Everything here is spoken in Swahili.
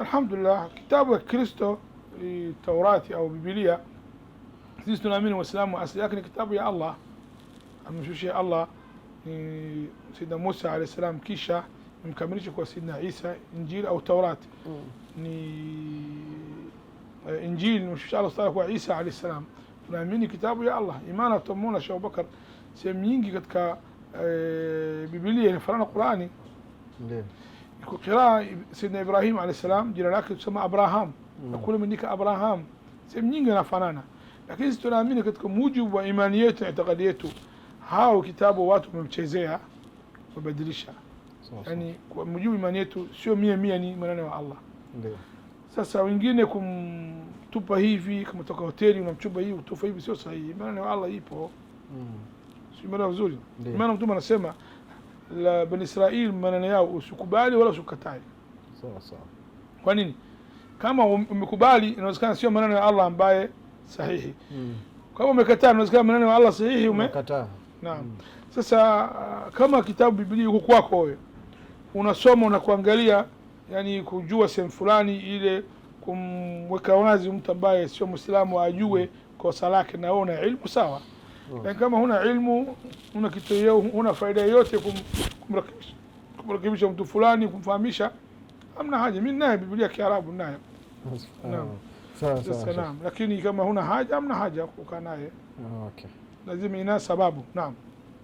الحمد لله كتاب كريستو توراتي أو بيبيليا سيستنا نامين والسلام وأسلي لكن كتاب يا الله أما شو شيء الله سيدنا موسى عليه السلام كيشا مكملش كو سيدنا عيسى إنجيل أو تورات ني يعني، آه، إنجيل مش الله صار هو عيسى عليه السلام نامين كتاب يا الله ايمان تمونا شو بكر سمينجي كتكا كا آه، يعني فرانا قرآني Kukiraa Sidna Ibrahim alayhi salam jina lake tusema Abraham na kule mwingine Abraham, sehemu nyingi anafanana, lakini sisi tunaamini katika mujibu wa imani yetu na itikadi yetu, hao kitabu watu wamemchezea, wabadilisha yani kwa mujibu imani yetu sio mia mia, ni maneno ya Allah. Ndiyo. Sasa wengine kumtupa hivi, kama toka hoteli unamchupa hivi, utufa hivi, sio sahihi. Maneno ya Allah ipo, mm. si maneno nzuri. Maana Mtume anasema la Bani Israil maneno yao usikubali wala usikatae. Sawa sawa. Kwa nini? Kama um, umekubali inawezekana sio maneno ya Allah ambaye sahihi. Mm. Kama umekataa inawezekana maneno ya Allah sahihi umekataa. Naam. Mm. Sasa ah, kama kitabu Biblia iko kwako wewe unasoma unakuangalia, yani kujua sehemu fulani ile kumweka wazi mtu ambaye sio Muislamu ajue mm. kosa lake na wewe una ilmu sawa lakini kama huna ilmu, huna kitu, huna faida yoyote kumrekebisha mtu fulani, kumfahamisha, hamna haja. Mimi naye Biblia Kiarabu naye naam, lakini kama huna haja, hamna haja kukaa naye, ah, lazima ina sababu. Naam.